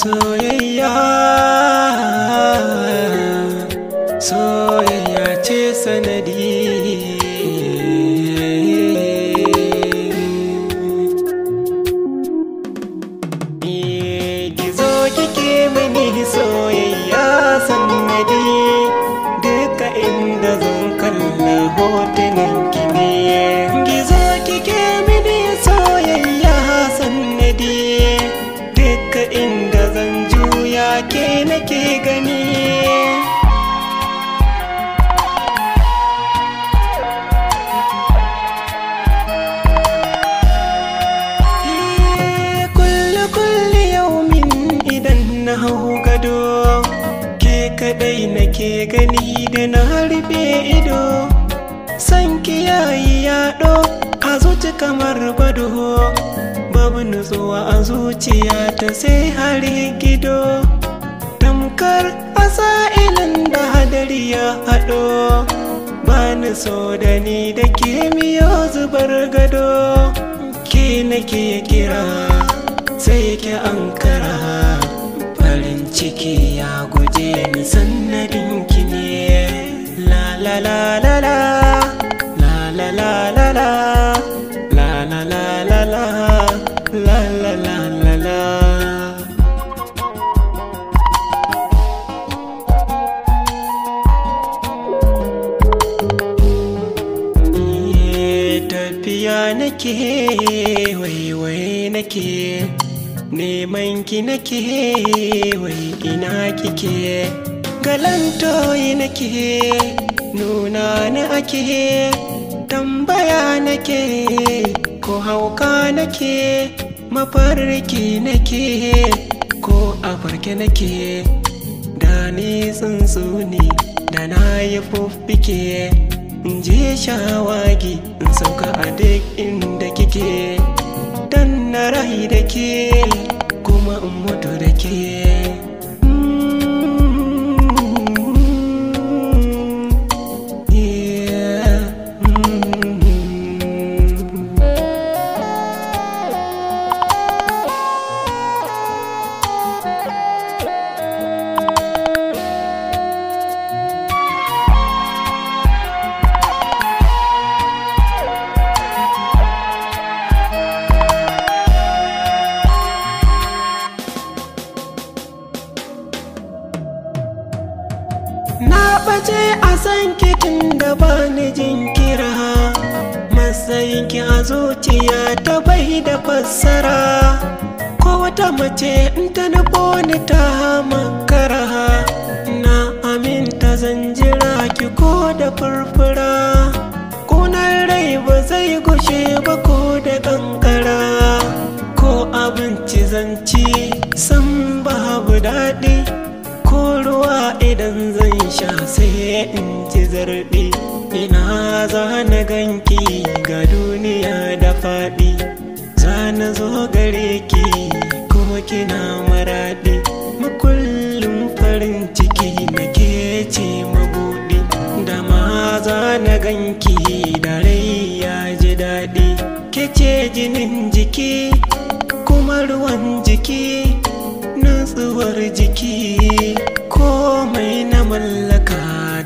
soyayya soyayya ce sanadi eh, ki zo kike mini soyayya sanadi duka inda zan kalla hotunan ki ke gani eh, na hau gado ke kadai nake gani da na harbe ido san kiyayi yaɗo a zuci kamar bado babu nutsuwa a zuciya ta sai har gido kar asa'ilin da hadari ya haɗo bani so da ni da kimiyo zubar gado ki nake kira sai ki ankara farin ciki ya guje ni sannadin ki ne la tafiya nake waiwai nake neman ki nake wai ina kike galantoyi nake nuna na ake tambaya nake ko hauka nake mafarki nake ko a nake da ni tsuntsuni da na yi fuffike in je shawagi sauka a duk inda kike dan na rai da ke kuma in mutu da ke Na ɓace a san kitin da bani jin kira Matsayin ki a zuciya ta bai da fassara Ko wata mace in ta nufo ni ta makara Na aminta zan jira ki ko da furfura Kunan rai ba zai gushe ba ko da kankara Ko abinci zanci san babu daɗi idan zan sha sai in ci zarbi ina za na ganki ga duniya da faɗi za na zo gare ki kuma kina maraɗi makullin farin ciki na ke ce mabuɗi da ma za na ganki da rai ya ji daɗi ke ce jinin jiki kuma ruwan jiki nutsuwar jiki komai na mallaka